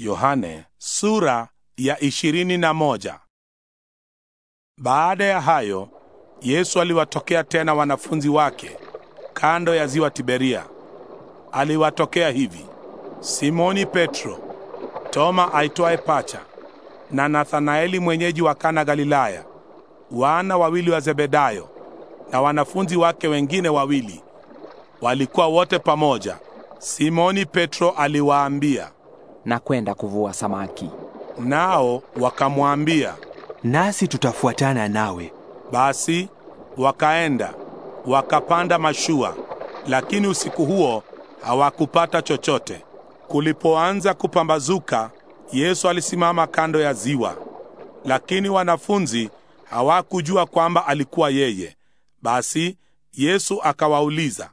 Yohane sura ya ishirini na moja. Baada ya hayo Yesu aliwatokea tena wanafunzi wake kando ya ziwa Tiberia. Aliwatokea hivi: Simoni Petro, Toma aitwaye Pacha na Nathanaeli mwenyeji wa Kana Galilaya, wana wawili wa Zebedayo na wanafunzi wake wengine wawili. Walikuwa wote pamoja. Simoni Petro aliwaambia, na kwenda kuvua samaki. Nao wakamwambia, nasi tutafuatana nawe. Basi wakaenda wakapanda mashua, lakini usiku huo hawakupata chochote. Kulipoanza kupambazuka, Yesu alisimama kando ya ziwa, lakini wanafunzi hawakujua kwamba alikuwa yeye. Basi Yesu akawauliza,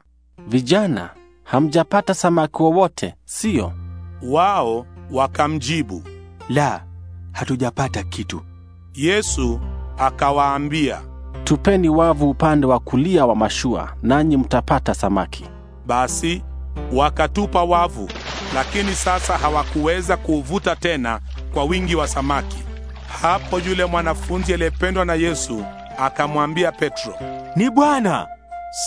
vijana, hamjapata samaki wowote, sio? Wao wakamjibu, la, hatujapata kitu. Yesu akawaambia, tupeni wavu upande wa kulia wa mashua, nanyi mtapata samaki. Basi wakatupa wavu, lakini sasa hawakuweza kuuvuta tena kwa wingi wa samaki. Hapo yule mwanafunzi aliyependwa na Yesu akamwambia Petro, ni Bwana.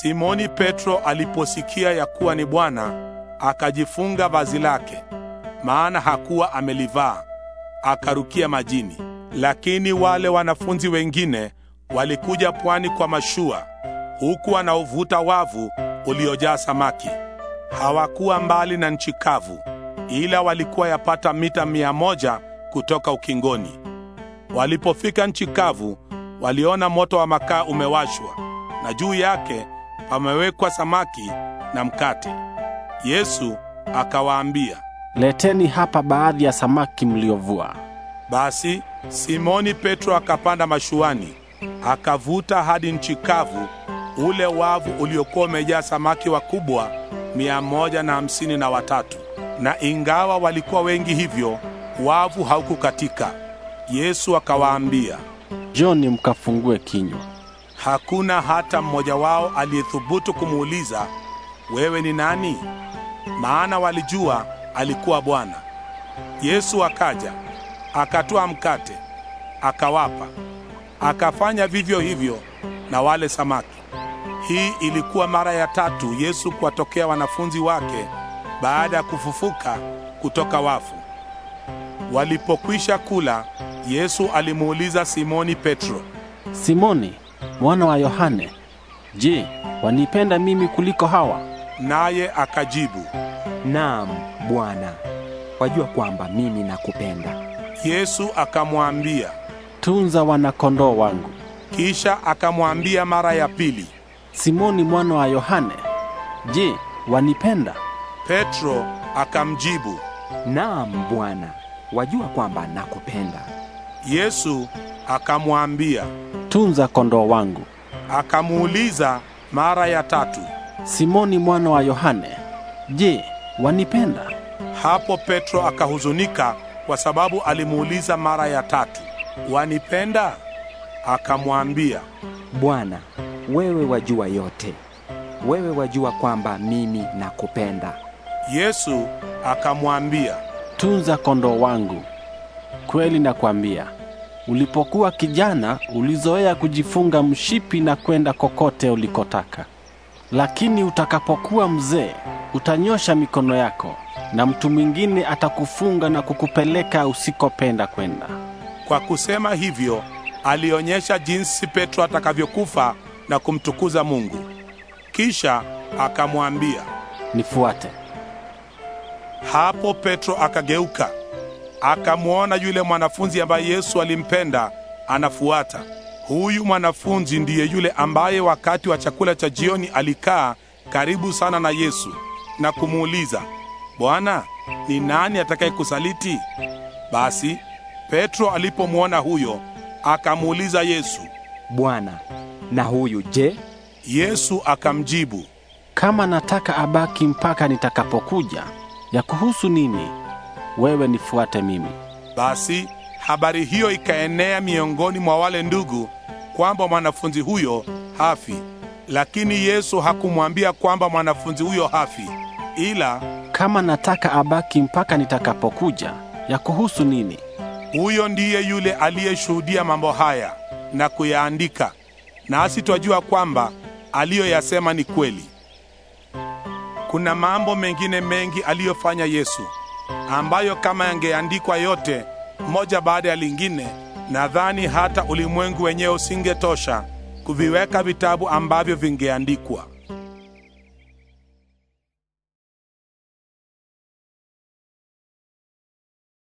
Simoni Petro aliposikia ya kuwa ni Bwana, akajifunga vazi lake maana hakuwa amelivaa, akarukia majini. Lakini wale wanafunzi wengine walikuja pwani kwa mashua, huku wanaovuta wavu uliojaa samaki. Hawakuwa mbali na nchi kavu, ila walikuwa yapata mita mia moja kutoka ukingoni. Walipofika nchi kavu, waliona moto wa makaa umewashwa na juu yake pamewekwa samaki na mkate. Yesu akawaambia, leteni hapa baadhi ya samaki mliovua. Basi Simoni Petro akapanda mashuani, akavuta hadi nchi kavu ule wavu uliokuwa umejaa samaki wakubwa mia moja na hamsini na watatu, na ingawa walikuwa wengi hivyo, wavu haukukatika. Yesu akawaambia, Joni, mkafungue kinywa. Hakuna hata mmoja wao aliyethubutu kumuuliza, wewe ni nani? Maana walijua alikuwa Bwana. Yesu akaja, akatoa mkate, akawapa, akafanya vivyo hivyo na wale samaki. Hii ilikuwa mara ya tatu Yesu kuwatokea wanafunzi wake baada ya kufufuka kutoka wafu. Walipokwisha kula, Yesu alimuuliza Simoni Petro, Simoni mwana wa Yohane, je, wanipenda mimi kuliko hawa? Naye akajibu Naam Bwana, wajua kwamba mimi nakupenda. Yesu akamwambia, tunza wanakondoo wangu. Kisha akamwambia mara ya pili, Simoni mwana wa Yohane, je, wanipenda? Petro akamjibu, naam Bwana, wajua kwamba nakupenda. Yesu akamwambia, tunza kondoo wangu. Akamuuliza mara ya tatu, Simoni mwana wa Yohane, je, wanipenda? Hapo Petro akahuzunika kwa sababu alimuuliza mara ya tatu, wanipenda? Akamwambia, Bwana, wewe wajua yote, wewe wajua kwamba mimi nakupenda. Yesu akamwambia, tunza kondoo wangu. Kweli nakwambia, ulipokuwa kijana ulizoea kujifunga mshipi na kwenda kokote ulikotaka, lakini utakapokuwa mzee utanyosha mikono yako, na mtu mwingine atakufunga na kukupeleka usikopenda kwenda. Kwa kusema hivyo, alionyesha jinsi Petro atakavyokufa na kumtukuza Mungu. Kisha akamwambia, nifuate. Hapo Petro akageuka, akamwona yule mwanafunzi ambaye Yesu alimpenda anafuata. Huyu mwanafunzi ndiye yule ambaye wakati wa chakula cha jioni alikaa karibu sana na Yesu na kumuuliza, Bwana, ni nani atakayekusaliti? Basi Petro alipomwona huyo, akamuuliza Yesu, Bwana, na huyu je? Yesu akamjibu, kama nataka abaki mpaka nitakapokuja, ya kuhusu nini? Wewe nifuate mimi. Basi habari hiyo ikaenea miongoni mwa wale ndugu kwamba mwanafunzi huyo hafi, lakini Yesu hakumwambia kwamba mwanafunzi huyo hafi. Ila kama nataka abaki mpaka nitakapokuja, ya kuhusu nini? Huyo ndiye yule aliyeshuhudia mambo haya na kuyaandika, nasi twajua kwamba aliyoyasema ni kweli. Kuna mambo mengine mengi aliyofanya Yesu ambayo kama yangeandikwa yote moja baada ya lingine, nadhani hata ulimwengu wenyewe usingetosha kuviweka vitabu ambavyo vingeandikwa.